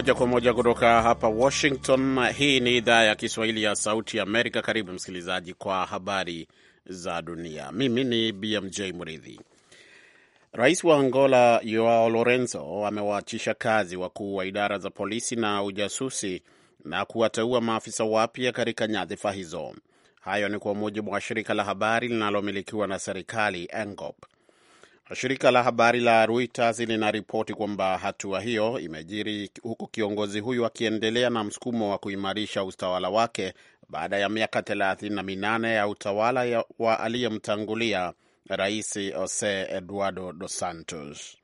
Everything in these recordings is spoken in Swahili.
moja kwa moja kutoka hapa Washington. Hii ni idhaa ya Kiswahili ya Sauti ya Amerika. Karibu msikilizaji kwa habari za dunia. Mimi ni BMJ Mridhi. Rais wa Angola Joao Lorenzo amewaachisha kazi wakuu wa idara za polisi na ujasusi na kuwateua maafisa wapya katika nyadhifa hizo. Hayo ni kwa mujibu wa shirika la habari linalomilikiwa na serikali ENGOP. Shirika la habari la Reuters linaripoti kwamba hatua hiyo imejiri huku kiongozi huyu akiendelea na msukumo wa kuimarisha utawala wake baada ya miaka thelathini na minane ya utawala wa aliyemtangulia Rais Jose Eduardo Dos Santos.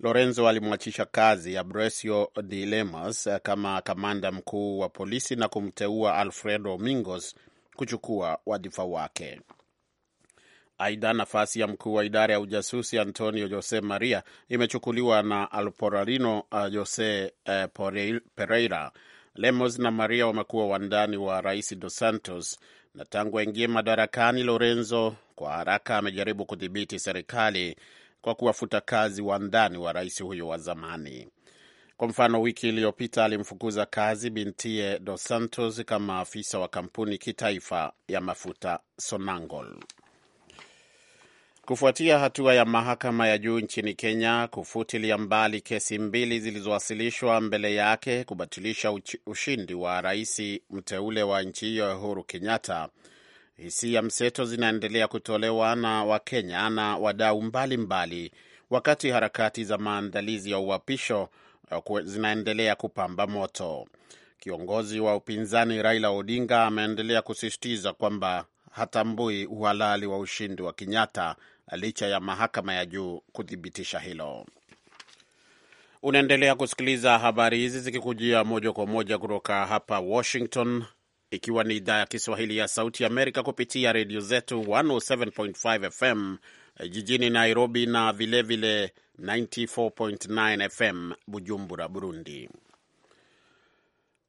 Lorenzo alimwachisha kazi Abresio de Lemos kama kamanda mkuu wa polisi na kumteua Alfredo Mingos kuchukua wadhifa wake. Aidha, nafasi ya mkuu wa idara ya ujasusi Antonio Jose Maria imechukuliwa na Alporarino uh, Jose eh, Pereira. Lemos na Maria wamekuwa wandani wa rais Dos Santos, na tangu aingie madarakani, Lorenzo kwa haraka amejaribu kudhibiti serikali kwa kuwafuta kazi wandani wa rais huyo wa zamani. Kwa mfano, wiki iliyopita alimfukuza kazi bintie Dos Santos kama afisa wa kampuni kitaifa ya mafuta Sonangol kufuatia hatua ya mahakama ya juu nchini Kenya kufutilia mbali kesi mbili zilizowasilishwa mbele yake kubatilisha ushindi wa rais mteule wa nchi hiyo Uhuru Kenyatta. Hisia mseto zinaendelea kutolewa na Wakenya na wadau mbalimbali, wakati harakati za maandalizi ya uapisho eh, zinaendelea kupamba moto. Kiongozi wa upinzani Raila Odinga ameendelea kusisitiza kwamba hatambui uhalali wa ushindi wa Kenyatta licha ya mahakama ya juu kuthibitisha hilo. Unaendelea kusikiliza habari hizi zikikujia moja kwa moja kutoka hapa Washington, ikiwa ni idhaa ya Kiswahili ya Sauti Amerika kupitia redio zetu 107.5 FM eh, jijini Nairobi na vilevile 94.9 FM Bujumbura, Burundi.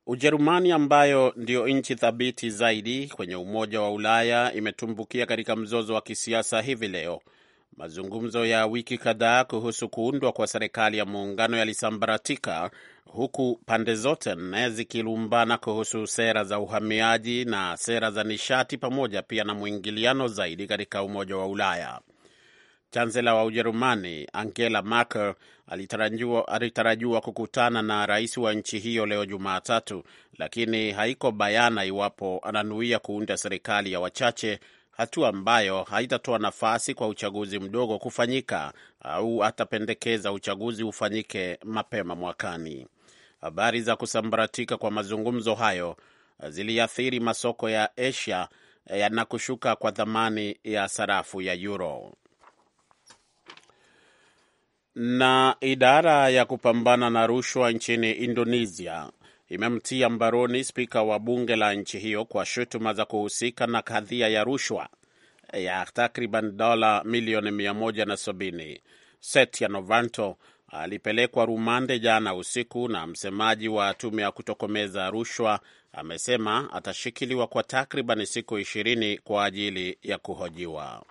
Ujerumani ambayo ndio nchi thabiti zaidi kwenye Umoja wa Ulaya imetumbukia katika mzozo wa kisiasa hivi leo. Mazungumzo ya wiki kadhaa kuhusu kuundwa kwa serikali ya muungano yalisambaratika huku pande zote nne zikilumbana kuhusu sera za uhamiaji na sera za nishati pamoja pia na mwingiliano zaidi katika Umoja wa Ulaya. Chansela wa Ujerumani Angela Merkel alitarajiwa kukutana na rais wa nchi hiyo leo Jumatatu, lakini haiko bayana iwapo ananuia kuunda serikali ya wachache, hatua ambayo haitatoa nafasi kwa uchaguzi mdogo kufanyika au atapendekeza uchaguzi ufanyike mapema mwakani. Habari za kusambaratika kwa mazungumzo hayo ziliathiri masoko ya Asia eh, na kushuka kwa thamani ya sarafu ya euro. Na idara ya kupambana na rushwa nchini Indonesia imemtia mbaroni spika wa bunge la nchi hiyo kwa shutuma za kuhusika na kadhia ya rushwa ya takriban dola milioni 170. Setia Novanto alipelekwa rumande jana usiku, na msemaji wa tume ya kutokomeza rushwa amesema atashikiliwa kwa takriban siku ishirini kwa ajili ya kuhojiwa.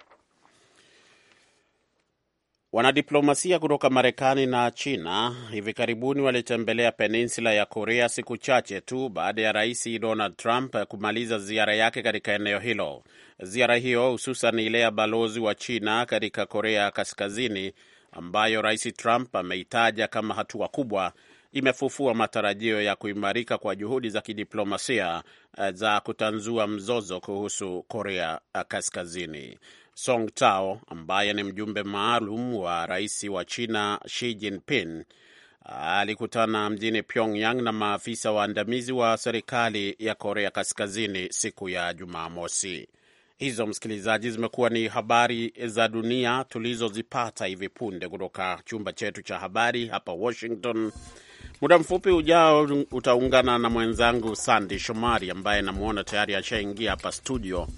Wanadiplomasia kutoka Marekani na China hivi karibuni walitembelea peninsula ya Korea siku chache tu baada ya Rais Donald Trump kumaliza ziara yake katika eneo hilo. Ziara hiyo hususan ile ya balozi wa China katika Korea Kaskazini, ambayo Rais Trump ameitaja kama hatua kubwa, imefufua matarajio ya kuimarika kwa juhudi za kidiplomasia eh, za kutanzua mzozo kuhusu Korea Kaskazini. Song Tao ambaye ni mjumbe maalum wa rais wa China Xi Jinping alikutana mjini Pyongyang na maafisa waandamizi wa serikali ya Korea Kaskazini siku ya Jumamosi. Hizo msikilizaji, zimekuwa ni habari za dunia tulizozipata hivi punde kutoka chumba chetu cha habari hapa Washington. Muda mfupi ujao utaungana na mwenzangu Sandi Shomari ambaye namwona tayari ashaingia hapa studio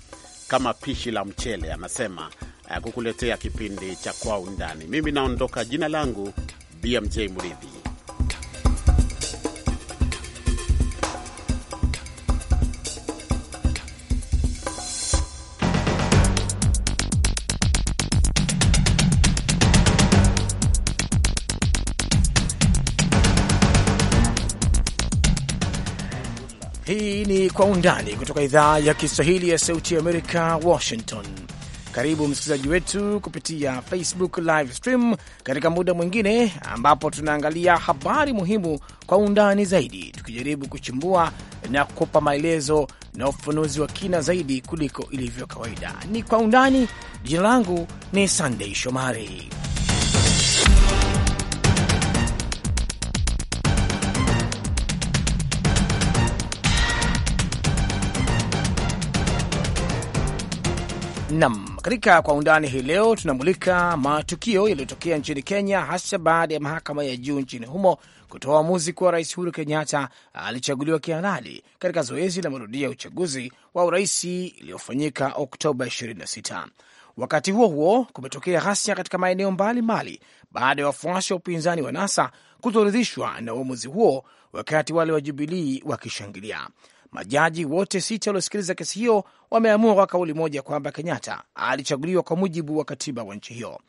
kama pishi la mchele, anasema eh, kukuletea kipindi cha Kwa Undani. Mimi naondoka, jina langu BMJ Mridhi. kwa undani kutoka idhaa ya Kiswahili ya Sauti ya Amerika, Washington. Karibu msikilizaji wetu kupitia Facebook live stream katika muda mwingine ambapo tunaangalia habari muhimu kwa undani zaidi, tukijaribu kuchimbua na kupa maelezo na ufafanuzi wa kina zaidi kuliko ilivyo kawaida. Ni kwa undani. Jina langu ni Sandei Shomari. Nam, katika kwa undani hii leo tunamulika matukio yaliyotokea nchini Kenya, hasa baada ya mahakama ya juu nchini humo kutoa uamuzi kuwa Rais Uhuru Kenyatta alichaguliwa kihalali katika zoezi la marudio ya uchaguzi wa urais iliyofanyika Oktoba 26. Wakati huo huo, kumetokea ghasia katika maeneo mbalimbali baada ya wafuasi wa upinzani wa NASA kutoridhishwa na uamuzi huo, wakati wale wa Jubilii wakishangilia. Majaji wote sita waliosikiliza kesi hiyo wameamua kwa kauli moja kwamba Kenyatta alichaguliwa kwa mujibu wa katiba wa nchi hiyo.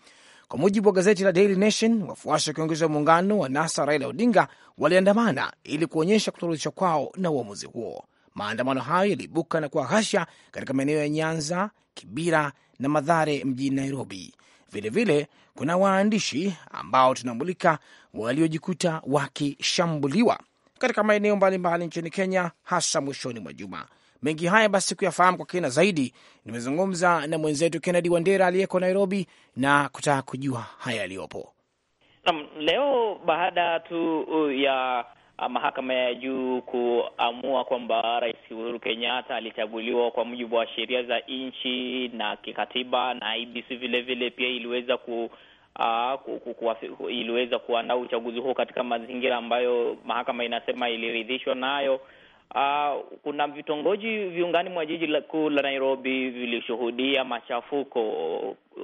Kwa mujibu wa gazeti la Daily Nation, wafuasi wa kiongozi wa muungano wa NASA Raila Odinga waliandamana ili kuonyesha kutoridhishwa kwao na uamuzi huo. Maandamano hayo yaliibuka na kuwa ghasia katika maeneo ya Nyanza, Kibira na Madhare mjini Nairobi. Vilevile vile, kuna waandishi ambao tunamulika waliojikuta wakishambuliwa katika maeneo mbalimbali nchini Kenya, hasa mwishoni mwa juma. Mengi haya basi kuyafahamu kwa kina zaidi, nimezungumza na mwenzetu Kennedy Wandera aliyeko Nairobi na kutaka kujua haya yaliyopo. Naam, leo baada tu uh, ya uh, mahakama ya juu kuamua kwamba Rais Uhuru Kenyatta alichaguliwa kwa mujibu wa sheria za nchi na kikatiba, na IBC vilevile pia iliweza ku Ah, iliweza kuandaa uchaguzi huo katika mazingira ambayo mahakama inasema iliridhishwa nayo. Uh, kuna vitongoji viungani mwa jiji kuu la Nairobi vilishuhudia machafuko.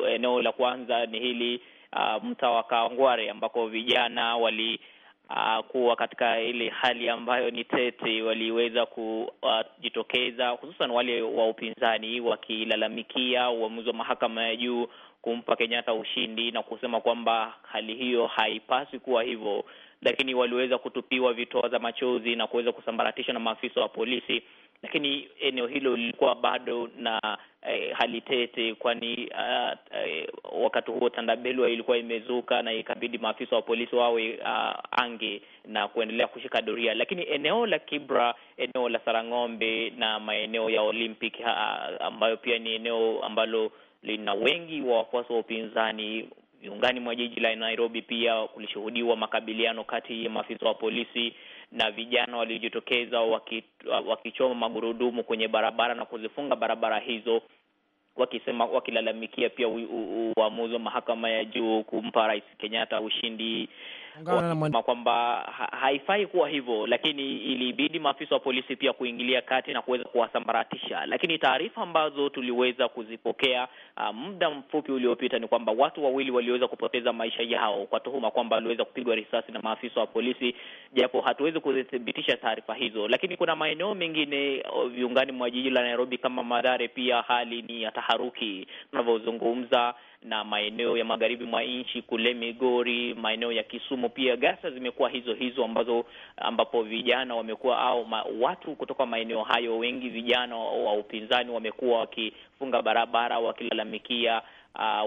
Eneo la kwanza ni hili uh, mtaa wa Kawangware ambako vijana wali uh, kuwa katika ile hali ambayo ni tete, waliweza kujitokeza uh, hususan wale wa upinzani wakilalamikia uamuzi wa mahakama ya juu kumpa Kenyatta ushindi na kusema kwamba hali hiyo haipaswi kuwa hivyo, lakini waliweza kutupiwa vitoa za machozi na kuweza kusambaratishwa na maafisa wa polisi lakini eneo hilo lilikuwa bado na eh, hali tete, kwani uh, eh, wakati huo tandabelwa ilikuwa imezuka na ikabidi maafisa wa polisi wawe uh, ange na kuendelea kushika doria, lakini eneo la Kibra, eneo la Sarang'ombe na maeneo ya Olympic uh, ambayo pia ni eneo ambalo lina wengi wa wafuasi wa upinzani viungani mwa jiji la Nairobi, pia kulishuhudiwa makabiliano kati ya maafisa wa polisi na vijana waliojitokeza wakichoma magurudumu kwenye barabara na kuzifunga barabara hizo wakisema wakilalamikia pia uamuzi wa mahakama ya juu kumpa Rais Kenyatta ushindi wakisema kwamba ha haifai kuwa hivyo, lakini ilibidi maafisa wa polisi pia kuingilia kati na kuweza kuwasambaratisha. Lakini taarifa ambazo tuliweza kuzipokea uh, muda mfupi uliopita ni kwamba watu wawili waliweza kupoteza maisha yao kwa tuhuma kwamba waliweza kupigwa risasi na maafisa wa polisi, japo hatuwezi kuzithibitisha taarifa hizo. Lakini kuna maeneo mengine viungani mwa jiji la Nairobi kama madhare pia hali ni ya taharuki tunavyozungumza na maeneo ya magharibi mwa nchi kule Migori, maeneo ya Kisumu pia ghasia zimekuwa hizo hizo ambazo ambapo vijana wamekuwa au ma, watu kutoka maeneo hayo, wengi vijana wa upinzani wamekuwa wakifunga barabara wakilalamikia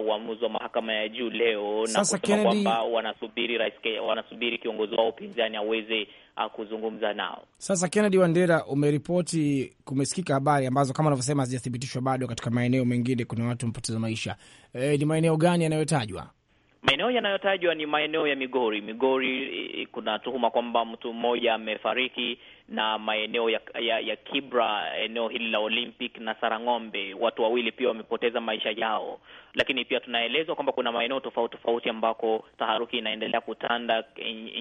uamuzi uh, wa mahakama ya juu leo na kusema kwamba wanasubiri rais, wanasubiri kiongozi wao upinzani aweze Uh, kuzungumza nao. Sasa Kennedy Wandera, umeripoti kumesikika habari ambazo kama unavyosema hazijathibitishwa bado katika maeneo mengine, kuna watu mpoteza maisha. E, ni maeneo gani yanayotajwa? Maeneo yanayotajwa ni maeneo ya Migori. Migori eh, kuna tuhuma kwamba mtu mmoja amefariki, na maeneo ya, ya, ya Kibra, eneo hili la Olympic na Sarang'ombe, watu wawili pia wamepoteza maisha yao. Lakini pia tunaelezwa kwamba kuna maeneo tofauti tofauti ambako taharuki inaendelea kutanda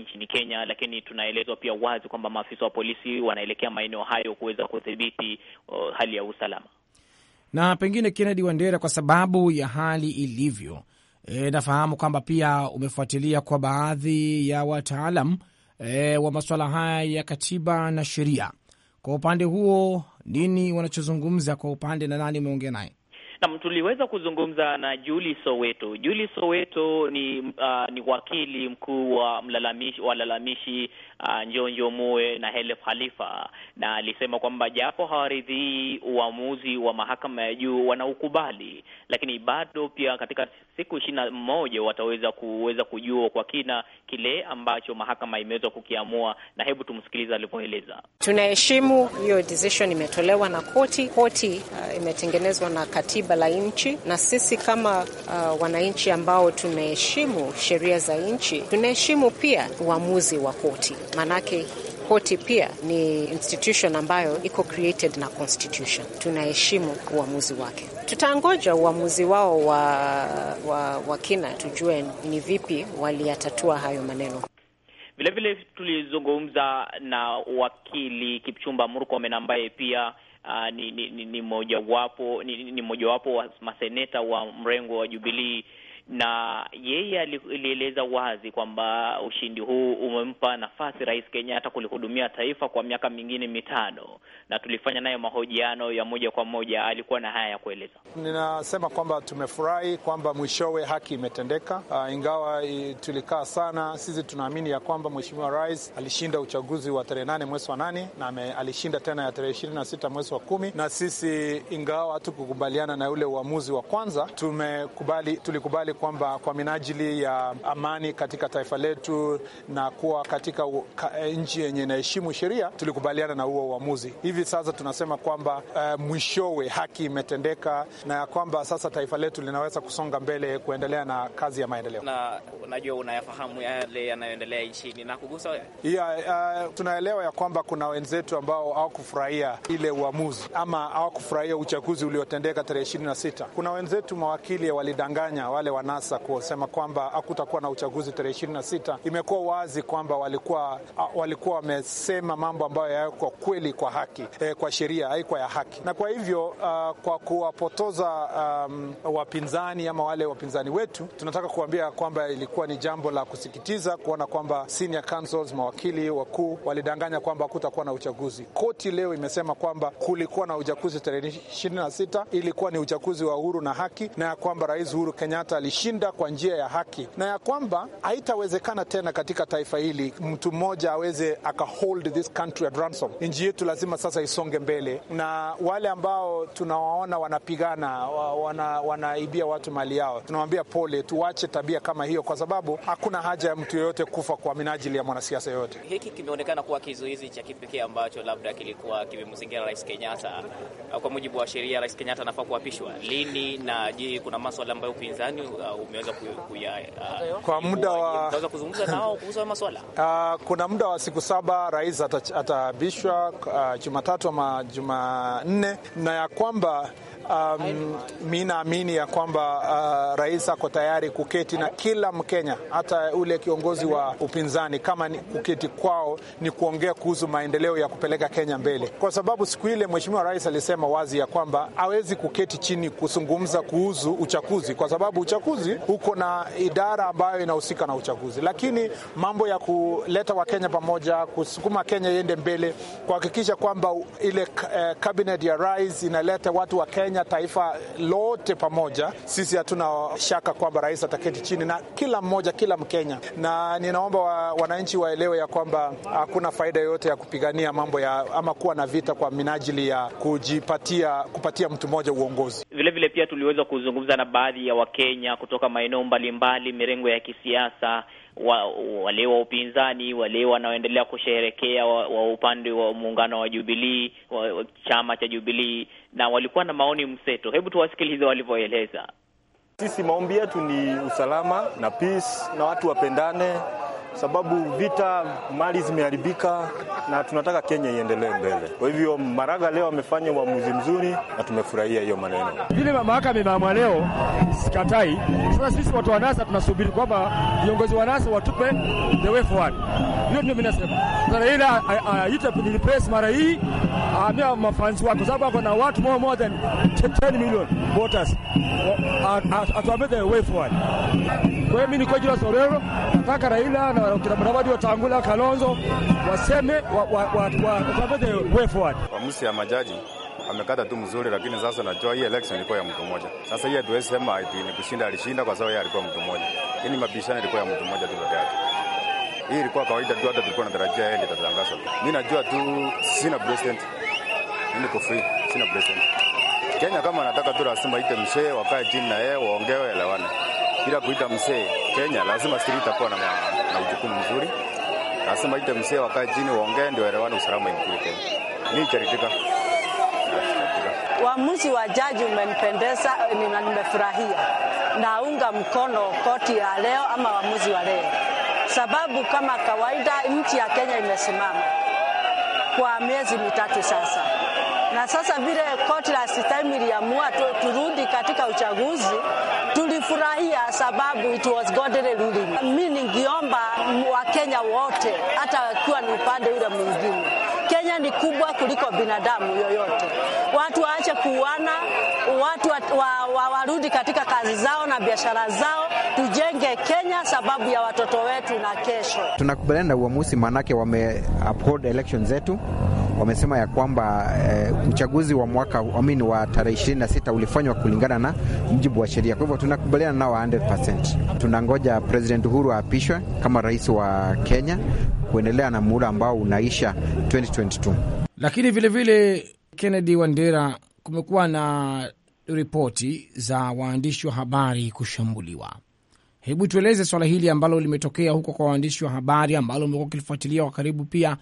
nchini Kenya, lakini tunaelezwa pia wazi kwamba maafisa wa polisi wanaelekea maeneo hayo kuweza kudhibiti hali ya usalama. Na pengine Kennedy Wandera, kwa sababu ya hali ilivyo E, nafahamu kwamba pia umefuatilia kwa baadhi ya wataalam e, wa masuala haya ya katiba na sheria. Kwa upande huo nini wanachozungumza kwa upande na nani umeongea naye? Nam, tuliweza kuzungumza na Juli Soweto. Juli Soweto ni uh, ni wakili mkuu wa mlalamishi walalamishi uh, Njonjo Mue na Helef Khalifa, na alisema kwamba japo hawaridhii uamuzi wa mahakama ya juu wanaukubali, lakini bado pia katika siku ishirini na moja wataweza kuweza kujua kwa kina kile ambacho mahakama imeweza kukiamua, na hebu tumsikiliza alivyoeleza. Tunaheshimu hiyo decision imetolewa na koti. Koti uh, imetengenezwa na katiba la nchi, na sisi kama uh, wananchi ambao tunaheshimu sheria za nchi tunaheshimu pia uamuzi wa koti manake koti pia ni institution ambayo iko created na constitution. Tunaheshimu uamuzi wake. Tutangoja uamuzi wao wa, wa, wa kina tujue ni vipi waliyatatua hayo maneno. Vilevile tulizungumza na wakili Kipchumba Murkomen ambaye pia Uh, ni, ni, ni, ni mojawapo ni, ni mojawapo wa maseneta wa mrengo wa Jubilii na yeye alieleza wazi kwamba ushindi huu umempa nafasi Rais Kenyatta kulihudumia taifa kwa miaka mingine mitano, na tulifanya naye mahojiano ya moja kwa moja. Alikuwa na haya ya kueleza. Ninasema kwamba tumefurahi kwamba mwishowe haki imetendeka. Uh, ingawa tulikaa sana, sisi tunaamini ya kwamba Mheshimiwa Rais alishinda uchaguzi wa tarehe nane mwezi wa nane na alishinda tena ya tarehe ishirini na sita mwezi wa kumi, na sisi ingawa hatukukubaliana na ule uamuzi wa kwanza tumekubali, tulikubali kwamba kwa minajili ya amani katika taifa letu na kuwa katika e, nchi yenye inaheshimu sheria, tulikubaliana na huo uamuzi. Hivi sasa tunasema kwamba uh, mwishowe haki imetendeka na ya kwamba sasa taifa letu linaweza kusonga mbele kuendelea na kazi ya maendeleo. Na unajua unayafahamu yale yanayoendelea nchini na kugusa yeah, uh, tunaelewa ya kwamba kuna wenzetu ambao hawakufurahia ile uamuzi ama hawakufurahia uchaguzi uliotendeka tarehe 26. Kuna wenzetu mawakili walidanganya wale wana NASA kusema kwamba hakutakuwa na uchaguzi tarehe ishirini na sita, imekuwa wazi kwamba walikuwa walikuwa wamesema mambo ambayo yawekwa kweli kwa haki e, kwa sheria aikwa ya haki, na kwa hivyo uh, kwa kuwapotoza um, wapinzani ama wale wapinzani wetu, tunataka kuambia kwamba ilikuwa ni jambo la kusikitiza kuona kwamba senior mawakili wakuu walidanganya kwamba hakutakuwa na uchaguzi. Koti leo imesema kwamba kulikuwa na uchaguzi tarehe sita ilikuwa ni uchaguzi wa uhuru na haki na ya kwamba Rais Uhuru Kenyatta ameshinda kwa njia ya haki na ya kwamba haitawezekana tena katika taifa hili mtu mmoja aweze akahold this country at ransom. Nchi yetu lazima sasa isonge mbele, na wale ambao tunawaona wanapigana wana, wanaibia watu mali yao, tunawambia pole, tuwache tabia kama hiyo, kwa sababu hakuna haja ya mtu yoyote kufa kwa minajili ya mwanasiasa yoyote. Hiki kimeonekana kuwa kizuizi cha kipekee ambacho labda kilikuwa kimemzingira Rais Kenyatta. Kwa mujibu wa sheria, Rais Kenyatta anafaa kuapishwa lini? Na je, kuna maswala ambayo upinzani Uh, umeweza kuya uh, kwa muda wa utaweza kuzungumza nao kuhusu masuala uh, kuna muda wa siku saba rais ataabishwa uh, Jumatatu ama Jumanne na ya kwamba um, mi naamini ya kwamba uh, rais ako tayari kuketi na kila Mkenya, hata ule kiongozi wa upinzani. Kama ni kuketi kwao ni kuongea kuhusu maendeleo ya kupeleka Kenya mbele, kwa sababu siku ile mheshimiwa rais alisema wazi ya kwamba hawezi kuketi chini kuzungumza kuhusu uchaguzi, kwa sababu uchaguzi huko na idara ambayo inahusika na uchaguzi, lakini mambo ya kuleta Wakenya pamoja, kusukuma Kenya iende mbele, kuhakikisha kwamba ile uh, cabinet ya rais inaleta watu wa Kenya Kenya taifa lote pamoja, sisi hatuna shaka kwamba rais ataketi chini na kila mmoja, kila Mkenya, na ninaomba wa, wananchi waelewe ya kwamba hakuna faida yoyote ya kupigania mambo ya ama kuwa na vita kwa minajili ya kujipatia kupatia mtu mmoja uongozi. Vilevile vile pia tuliweza kuzungumza na baadhi ya Wakenya kutoka maeneo mbalimbali, mirengo ya kisiasa wa, wale wa upinzani wale wanaoendelea kusheherekea wa, wa upande wa muungano wa Jubilii, chama cha Jubilii na walikuwa na maoni mseto. Hebu tuwasikilize walivyoeleza. Sisi maombi yetu ni usalama na peace na watu wapendane sababu vita, mali zimeharibika na tunataka Kenya iendelee mbele. Kwa hivyo Maraga leo amefanya uamuzi mzuri na tumefurahia hiyo maneno. Vile mahakama imeamua leo, sikatai. Sasa sisi watu wa NASA tunasubiri kwamba viongozi wa NASA watupe the way forward. Hiyo ndio mimi nasema. Raila aita pili press mara hii aambia mafansi wako sababu ako na watu more more than 10 million voters. Atuambie the way forward. Kwa hiyo mimi niko Julius Sorero, nataka Raila na kina Mudavadi watangula Kalonzo waseme wa, wa, wa, wa, the way forward. Waamuzi ya majaji amekata tu mzuri, lakini sasa najua hii election ilikuwa ya mtu mmoja. Sasa hii hatuwezi sema ati ni kushinda alishinda, kwa sababu yeye alikuwa mtu mmoja. Yaani mabishano ilikuwa ya mtu mmoja tu peke yake. Hii ilikuwa kawaida tu, hata tulikuwa na tarajia yeye ndiye atatangazwa. Mimi najua tu sina president, mimi niko free, sina president. Kenya kama anataka tu lazima ite mshee, wakae chini na yeye waongee, waelewane bila kuita mzee. Kenya lazima siri itakuwa na, na ujukumu mzuri, lazima ite mzee, wakae chini waongee, ndio waelewane, usalama ikule Kenya. Mimi charitika Uamuzi wa jaji umenipendeza, nimefurahia. Naunga mkono koti ya leo ama uamuzi wa leo, sababu kama kawaida nchi ya Kenya imesimama kwa miezi mitatu sasa, na sasa vile koti la sitahimili ya mua turudi katika uchaguzi Nilifurahia sababu it was godly ruling. Mi ningiomba Wakenya wote, hata wakiwa ni upande ule mwingine, Kenya ni kubwa kuliko binadamu yoyote. Watu waache kuuana, watu warudi wa, wa katika kazi zao na biashara zao, tujenge Kenya sababu ya watoto wetu na kesho. Tunakubaliana na uamuzi, maanake wame uphold election zetu wamesema ya kwamba eh, uchaguzi wa mwaka amini wa tarehe 26 ulifanywa kulingana na mjibu wa sheria. Kwa hivyo tunakubaliana nao 100%. Tunangoja President Uhuru aapishwe kama rais wa Kenya kuendelea na muda ambao unaisha 2022. Lakini vilevile vile, Kennedy Wandera, kumekuwa na ripoti za waandishi wa habari kushambuliwa. Hebu tueleze swala hili ambalo limetokea huko kwa waandishi wa habari ambalo umekuwa ukilifuatilia kwa karibu pia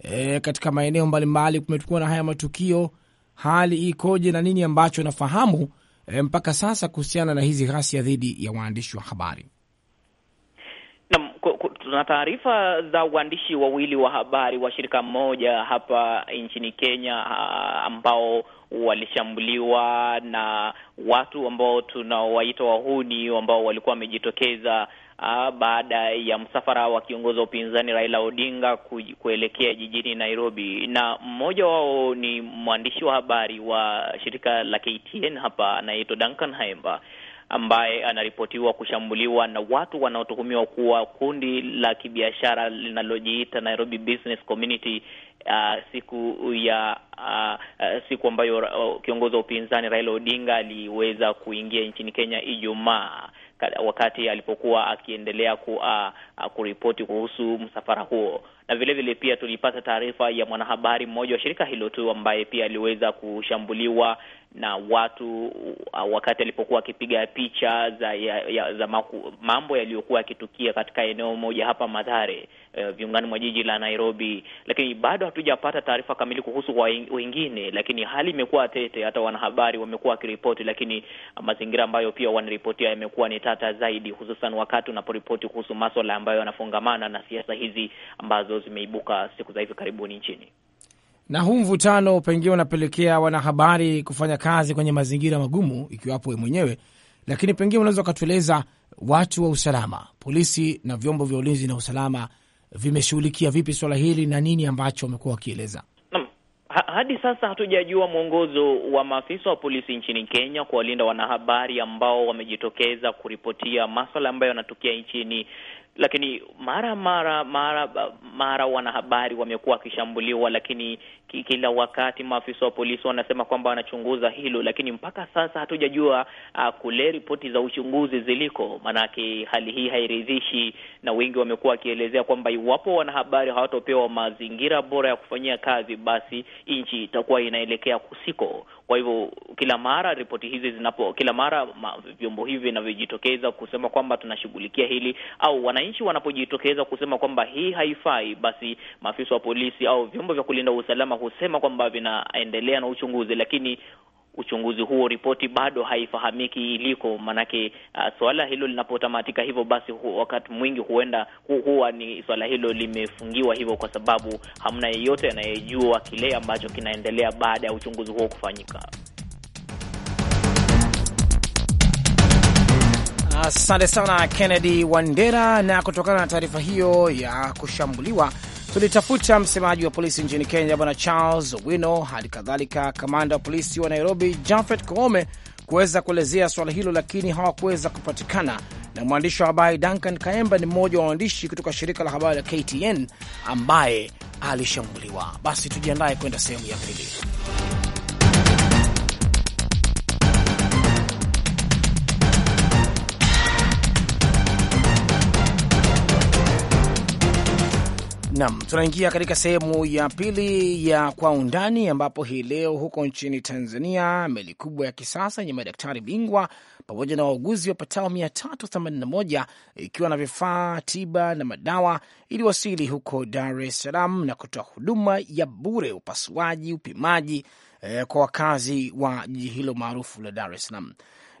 e, katika maeneo mbalimbali kumekuwa na haya matukio, hali ikoje na nini ambacho nafahamu e, mpaka sasa kuhusiana na hizi ghasia dhidi ya waandishi wa habari? Tuna taarifa za waandishi wawili wa habari wa shirika moja hapa nchini Kenya ambao walishambuliwa na watu ambao tunawaita wahuni ambao walikuwa wamejitokeza uh, baada ya msafara wa kiongozi wa upinzani Raila Odinga kuelekea jijini Nairobi, na mmoja wao ni mwandishi wa habari wa shirika la KTN hapa anaitwa Duncan Haemba ambaye anaripotiwa kushambuliwa na watu wanaotuhumiwa kuwa kundi la kibiashara linalojiita Nairobi Business Community uh, siku ya uh, siku ambayo uh, kiongozi wa upinzani Raila Odinga aliweza kuingia nchini Kenya Ijumaa wakati alipokuwa akiendelea ku, uh, kuripoti kuhusu msafara huo, na vile vile pia tulipata taarifa ya mwanahabari mmoja wa shirika hilo tu ambaye pia aliweza kushambuliwa na watu uh, wakati alipokuwa akipiga picha za, ya, ya, za maku, mambo yaliyokuwa yakitukia katika eneo moja hapa Mathare e, viungani mwa jiji la Nairobi, lakini bado hatujapata taarifa kamili kuhusu wengine, lakini hali imekuwa tete, hata wanahabari wamekuwa wakiripoti, lakini mazingira ambayo pia wanaripotia yamekuwa ni tata zaidi, hususan wakati unaporipoti kuhusu maswala ambayo yanafungamana na siasa hizi ambazo zimeibuka siku za hivi karibuni nchini. Na huu mvutano pengine unapelekea wanahabari kufanya kazi kwenye mazingira magumu, ikiwapo we mwenyewe, lakini pengine unaweza ukatueleza watu wa usalama, polisi na vyombo vya ulinzi na usalama vimeshughulikia vipi swala hili na nini ambacho wamekuwa wakieleza? Hadi sasa hatujajua mwongozo wa maafisa wa polisi nchini Kenya kuwalinda wanahabari ambao wamejitokeza kuripotia maswala ambayo yanatokea nchini lakini mara mara mara mara wanahabari wamekuwa wakishambuliwa, lakini kila wakati maafisa wa polisi wanasema kwamba wanachunguza hilo, lakini mpaka sasa hatujajua uh, kule ripoti za uchunguzi ziliko, maanake hali hii hairidhishi, na wengi wamekuwa wakielezea kwamba iwapo wanahabari hawatopewa mazingira bora ya kufanyia kazi, basi nchi itakuwa inaelekea kusiko. Kwa hivyo kila mara ripoti hizi zinapo, kila mara vyombo hivi vinavyojitokeza kusema kwamba tunashughulikia hili au wana wananchi wanapojitokeza kusema kwamba hii haifai, basi maafisa wa polisi au vyombo vya kulinda usalama husema kwamba vinaendelea na uchunguzi, lakini uchunguzi huo, ripoti bado haifahamiki iliko. Maanake uh, swala hilo linapotamatika hivyo, basi hu, wakati mwingi huenda hu, huwa ni swala hilo limefungiwa hivyo, kwa sababu hamna yeyote anayejua kile ambacho kinaendelea baada ya uchunguzi huo kufanyika. Asante sana Kennedy Wandera. Na kutokana na taarifa hiyo ya kushambuliwa, tulitafuta msemaji wa polisi nchini Kenya Bwana Charles Owino, hali kadhalika kamanda wa polisi wa Nairobi Jafet Koome kuweza kuelezea suala hilo, lakini hawakuweza kupatikana. Na mwandishi wa habari Duncan Kaemba ni mmoja wa waandishi kutoka shirika la habari la KTN ambaye alishambuliwa. Basi tujiandaye kwenda sehemu ya pili. nam tunaingia katika sehemu ya pili ya kwa undani, ambapo hii leo huko nchini Tanzania meli kubwa ya kisasa yenye madaktari bingwa pamoja na wauguzi wapatao 381 ikiwa na vifaa tiba na madawa iliwasili huko Dar es Salaam na kutoa huduma ya bure upasuaji, upimaji eh, kwa wakazi wa jiji hilo maarufu la Dar es Salaam.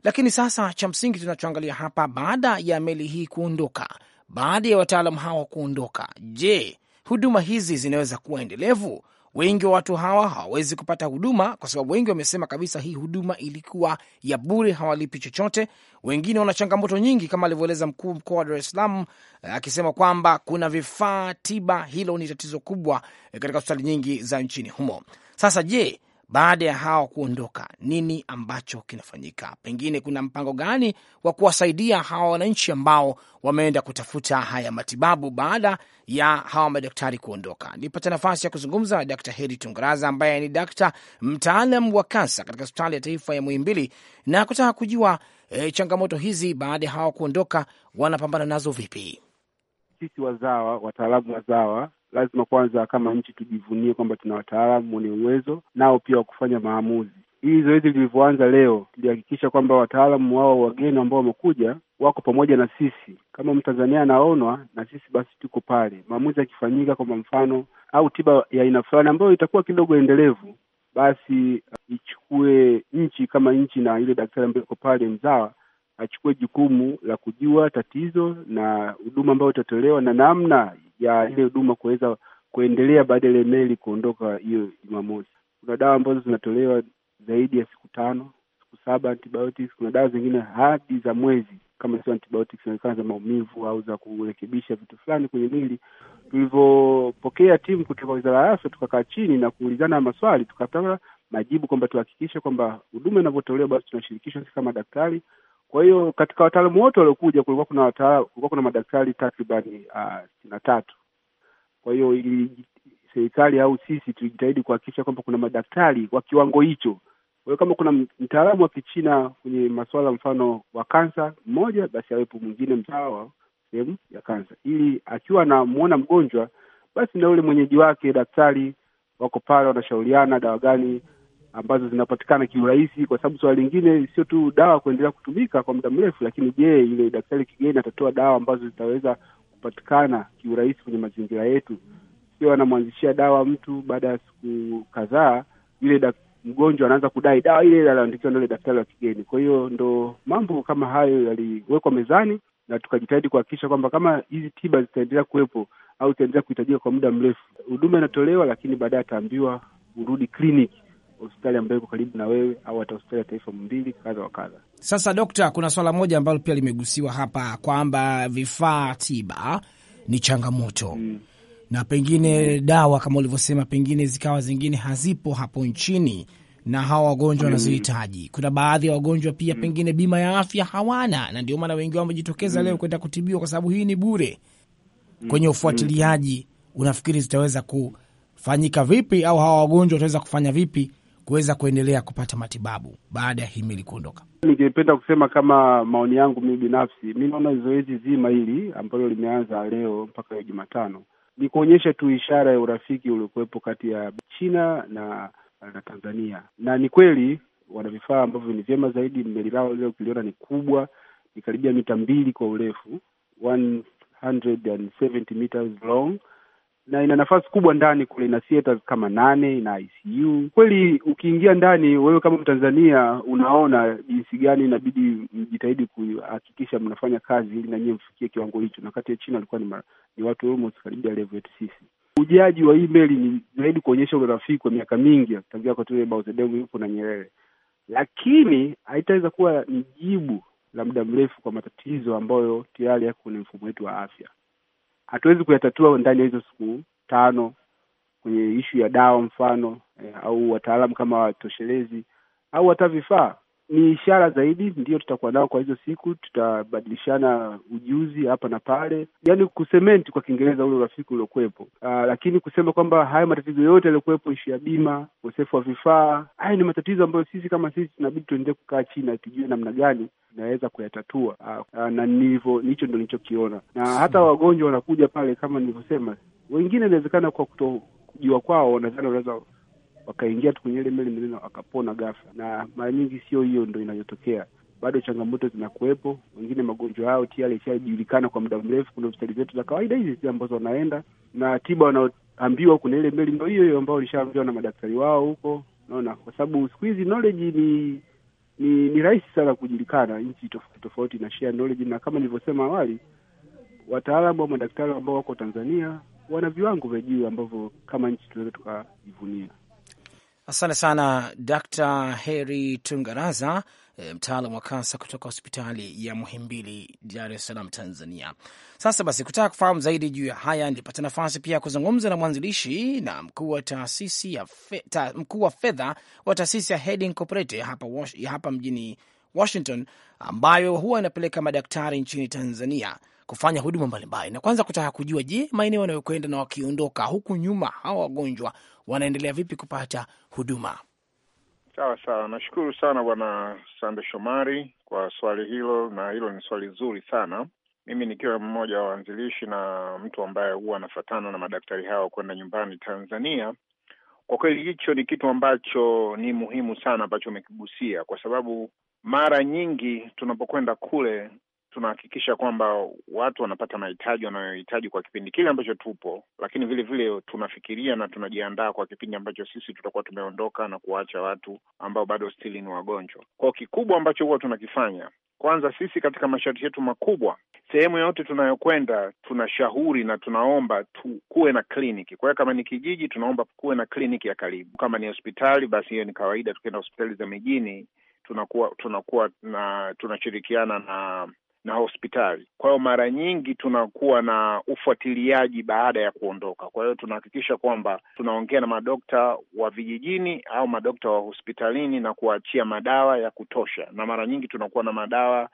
Lakini sasa cha msingi tunachoangalia hapa, baada ya meli hii kuondoka, baada ya wataalam hawa kuondoka, je, huduma hizi zinaweza kuwa endelevu. Wengi wa watu hawa hawawezi kupata huduma kwa sababu wengi wamesema kabisa hii huduma ilikuwa ya bure, hawalipi chochote. Wengine wana changamoto nyingi, kama alivyoeleza mkuu mkoa wa Dar es Salaam eh, akisema kwamba kuna vifaa tiba, hilo ni tatizo kubwa eh, katika hospitali nyingi za nchini humo. Sasa je, baada ya hawa kuondoka, nini ambacho kinafanyika? Pengine kuna mpango gani wa kuwasaidia hawa wananchi ambao wameenda kutafuta haya matibabu baada ya hawa madaktari kuondoka? Nipata nafasi ya kuzungumza na Dkt. Heri Tungaraza ambaye ni dakta mtaalam wa kansa katika hospitali ya taifa ya Muhimbili na kutaka kujua e, changamoto hizi baada ya hawa kuondoka wanapambana nazo vipi? Sisi wazawa, wataalamu wazawa lazima kwanza kama nchi tujivunie kwamba tuna wataalamu wenye uwezo nao pia wa kufanya maamuzi. Hii zoezi lilivyoanza leo, lilihakikisha kwamba wataalamu wao wageni ambao wamekuja wako pamoja na sisi. Kama Mtanzania anaonwa na sisi, basi tuko pale, maamuzi yakifanyika, kwamba mfano au tiba ya aina fulani ambayo itakuwa kidogo endelevu, basi uh, ichukue nchi kama nchi na ile daktari ambayo iko pale mzawa achukue jukumu la kujua tatizo na huduma ambayo itatolewa na namna ya ile huduma kuweza kuendelea baada ya ile meli kuondoka hiyo Jumamosi. Kuna dawa ambazo zinatolewa zaidi ya siku tano, siku saba antibiotics. Kuna dawa zingine hadi za mwezi kama sio antibiotics, inaonekana za maumivu au za kurekebisha vitu fulani kwenye mwili. Tulivyopokea timu kutoka Wizara ya Afya, tukakaa chini na kuulizana maswali, tukapata majibu kwamba tuhakikishe kwamba huduma inavyotolewa basi tunashirikishwa sisi kama daktari kwa hiyo katika wataalamu wote waliokuja kulikuwa kuna kulikuwa kuna madaktari takribani uh, sitini na tatu. Kwa hiyo serikali au sisi tulijitahidi kuhakikisha kwamba kuna madaktari wa kiwango hicho. Kwa hiyo kama kuna mtaalamu wa Kichina kwenye masuala mfano wa kansa mmoja, basi awepo mwingine mtawa sehemu ya kansa, ili akiwa anamwona mgonjwa basi na yule mwenyeji wake daktari wako pale, wanashauriana dawa gani ambazo zinapatikana kiurahisi, kwa sababu suala lingine sio tu dawa kuendelea kutumika kwa muda mrefu, lakini je, ile daktari kigeni atatoa dawa ambazo zitaweza kupatikana kiurahisi kwenye mazingira yetu? Sio anamwanzishia dawa mtu, baada ya siku kadhaa yule mgonjwa anaanza kudai dawa ile ile aliandikiwa na daktari wa kigeni. Kwa hiyo ndo mambo kama hayo yaliwekwa mezani na tukajitahidi kuhakikisha kwamba kama hizi tiba zitaendelea kuwepo au zitaendelea kuhitajika kwa muda mrefu, huduma inatolewa, lakini baadaye ataambiwa urudi kliniki hospitali ambayo iko karibu na wewe au hata hospitali ya taifa mbili kadha wa kadha. Sasa dokta, kuna swala moja ambalo pia limegusiwa hapa kwamba vifaa tiba ni changamoto mm. na pengine mm. dawa kama ulivyosema, pengine zikawa zingine hazipo hapo nchini na hawa wagonjwa wanazohitaji mm. kuna baadhi ya wagonjwa pia mm. pengine bima ya afya hawana, na ndio maana wengi wao wamejitokeza mm. leo kwenda kutibiwa kwa sababu hii ni bure. Mm. Kwenye mm. ufuatiliaji, unafikiri zitaweza kufanyika vipi, au hawa wagonjwa wataweza kufanya vipi kuweza kuendelea kupata matibabu baada ya himili kuondoka. Ningependa kusema kama maoni yangu mimi binafsi, mi naona zoezi zima hili ambalo limeanza leo mpaka leo Jumatano ni kuonyesha tu ishara ya urafiki uliokuwepo kati ya China na na Tanzania, na ni kweli wana vifaa ambavyo ni vyema zaidi. Meli lao lile ukiliona ni kubwa, ni karibia mita mbili kwa urefu, 170 meters long na ina nafasi kubwa ndani kule, ina theaters kama nane, ina ICU. Kweli ukiingia ndani wewe kama Mtanzania unaona jinsi gani inabidi mjitahidi kuhakikisha mnafanya kazi ili nanyiwe mfikie kiwango hicho, na kati ya China alikuwa ni, ni watu almost karibia level yetu sisi. Ujaji wa hii meli ni zaidi kuonyesha urafiki kwa miaka mingi tangia wakati ule Mao yupo na Nyerere, lakini haitaweza kuwa ni jibu la muda mrefu kwa matatizo ambayo tayari yako kwenye mfumo wetu wa afya hatuwezi kuyatatua ndani ya hizo siku tano kwenye ishu ya dawa mfano eh, au wataalamu kama watoshelezi au hata vifaa ni ishara zaidi ndiyo tutakuwa nao kwa hizo siku. Tutabadilishana ujuzi hapa na pale, yani kusementi kwa Kiingereza ule urafiki uliokuwepo. Ah, lakini kusema kwamba haya matatizo yote yaliyokuwepo, ishu ya bima, ukosefu wa vifaa, haya ni matatizo ambayo sisi kama sisi tunabidi tuendee kukaa chini tujue namna gani naweza kuyatatua. Aa, ah, ah, na nilivyo hicho ndo nilichokiona, na hata wagonjwa wanakuja pale, kama nilivyosema, wengine inawezekana kwa kutojua kwao wanadhani wanaweza wakaingia tu kwenye ile meli mzima wakapona ghafla, na mara nyingi sio hiyo ndo inayotokea. Bado changamoto zinakuwepo, wengine magonjwa yao tayari yashajulikana kwa muda mrefu. Kuna hospitali zetu za kawaida hizi ambazo wanaenda na tiba wanaoambiwa kuna ile meli ndo hiyo hiyo ambao walishaambiwa na madaktari wao huko. Naona kwa sababu siku hizi knowledge ni ni ni rahisi sana kujulikana, nchi tofauti tofauti na share knowledge, na kama nilivyosema awali, wataalamu au madaktari ambao wako Tanzania wana viwango vya juu ambavyo kama nchi tunaweza tukajivunia. Asante sana Dr. Heri Tungaraza, e, mtaalam wa kansa kutoka hospitali ya Muhimbili, Dar es Salaam, Tanzania. Sasa basi, kutaka kufahamu zaidi juu ya haya, nilipata nafasi pia ya kuzungumza na mwanzilishi na mkuu wa taasisi ya fe, ta, mkuu wa fedha wa taasisi ya Head Incorporated hapa, hapa mjini Washington, ambayo huwa inapeleka madaktari nchini Tanzania kufanya huduma mbalimbali, na kwanza kutaka kujua, je, maeneo wanayokwenda na wakiondoka huku nyuma hawa wagonjwa wanaendelea vipi kupata huduma? Sawa sawa, nashukuru sana Bwana Sande Shomari kwa swali hilo, na hilo ni swali zuri sana. Mimi nikiwa mmoja wa waanzilishi na mtu ambaye huwa anafatana na madaktari hao kwenda nyumbani Tanzania, kwa kweli hicho ni kitu ambacho ni muhimu sana ambacho umekigusia, kwa sababu mara nyingi tunapokwenda kule tunahakikisha kwamba watu wanapata mahitaji wanayohitaji kwa kipindi kile ambacho tupo, lakini vile vile tunafikiria na tunajiandaa kwa kipindi ambacho sisi tutakuwa tumeondoka na kuwaacha watu ambao bado stili ni wagonjwa. Kwao kikubwa ambacho huwa tunakifanya kwanza, sisi katika masharti yetu makubwa, sehemu yote tunayokwenda tunashauri na tunaomba tu kuwe na kliniki. Kwa hiyo kama ni kijiji, tunaomba kuwe na kliniki ya karibu. Kama ni hospitali, basi hiyo ni kawaida, tukienda hospitali za mijini tunakuwa tunakuwa na tunashirikiana na na hospitali. Kwa hiyo mara nyingi tunakuwa na ufuatiliaji baada ya kuondoka. Kwa hiyo tunahakikisha kwamba tunaongea na madokta wa vijijini au madokta wa hospitalini na kuachia madawa ya kutosha, na mara nyingi tunakuwa na madawa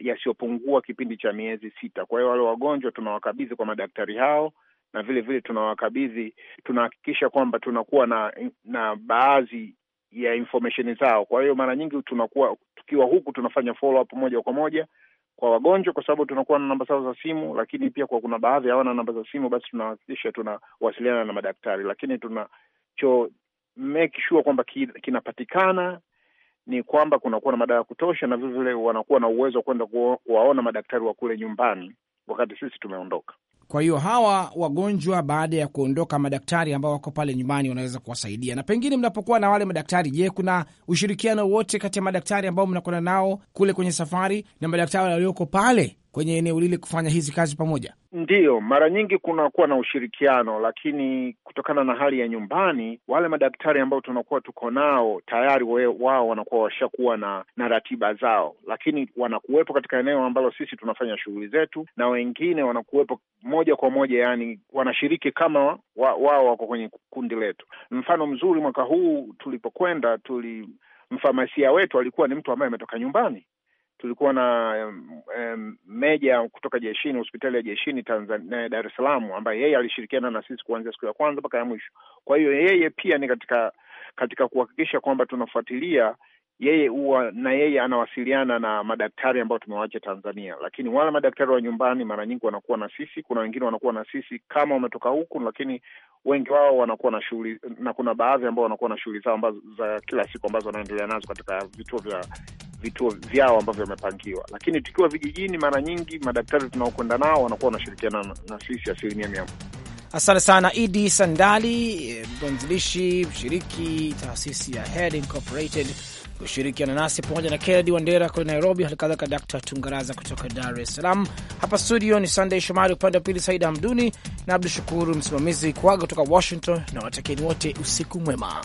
yasiyopungua ya kipindi cha miezi sita. Kwa hiyo wale wagonjwa tunawakabidhi kwa madaktari hao na vile vile tunawakabidhi, tunahakikisha kwamba tunakuwa na na baadhi ya information zao. Kwa hiyo mara nyingi tunakuwa tukiwa huku tunafanya follow up moja kwa moja kwa wagonjwa, kwa sababu tunakuwa na namba zao za simu, lakini pia kwa kuna baadhi hawana namba za simu, basi tunahakikisha tunawasiliana na madaktari, lakini tunacho make sure kwamba kinapatikana ni kwamba kunakuwa na madawa ya kutosha, na vile vile wanakuwa na uwezo wa kwenda kuwaona madaktari wa kule nyumbani wakati sisi tumeondoka. Kwa hiyo hawa wagonjwa baada ya kuondoka, madaktari ambao wako pale nyumbani wanaweza kuwasaidia. Na pengine mnapokuwa na wale madaktari, je, kuna ushirikiano wote kati ya madaktari ambao mnakwenda nao kule kwenye safari na madaktari walioko pale kwenye eneo lile kufanya hizi kazi pamoja? Ndiyo, mara nyingi kunakuwa na ushirikiano, lakini kutokana na hali ya nyumbani, wale madaktari ambao tunakuwa tuko nao tayari we, wao wanakuwa washakuwa na na ratiba zao, lakini wanakuwepo katika eneo ambalo sisi tunafanya shughuli zetu, na wengine wanakuwepo moja kwa moja, yani wanashiriki kama wao wako wa kwenye kundi letu. Mfano mzuri, mwaka huu tulipokwenda tuli mfamasia wetu alikuwa ni mtu ambaye ametoka nyumbani tulikuwa na um, meja kutoka jeshini, hospitali ya jeshini eh, Dar es Salaam, ambaye yeye alishirikiana na sisi kuanzia siku ya kwanza mpaka ya mwisho. Kwa hiyo yeye pia ni katika katika kuhakikisha kwamba tunafuatilia yeye huwa na yeye anawasiliana na madaktari ambao tumewaacha Tanzania, lakini wale madaktari wa nyumbani mara nyingi wanakuwa na sisi. Kuna wengine wanakuwa na sisi kama wametoka huku, lakini wengi wao wanakuwa na shughuli, na kuna baadhi ambao wanakuwa na shughuli zao ambazo za kila siku ambazo wanaendelea nazo katika vituo vya vituo vyao ambavyo wamepangiwa. Lakini tukiwa vijijini, mara nyingi madaktari tunaokwenda nao wanakuwa wanashirikiana na, na sisi asilimia mia moja. Asante sana Idi Sandali, mwanzilishi mshiriki taasisi ya Head Incorporated kushirikiana nasi pamoja na Kennedy Wandera kule Nairobi, halikadhalika Dkt Tungaraza kutoka Dar es Salaam. Hapa studio ni Sandey Shomari, upande wa pili Saida Hamduni na Abdu Shukuru msimamizi kuaga kutoka Washington, na watakeni wote usiku mwema.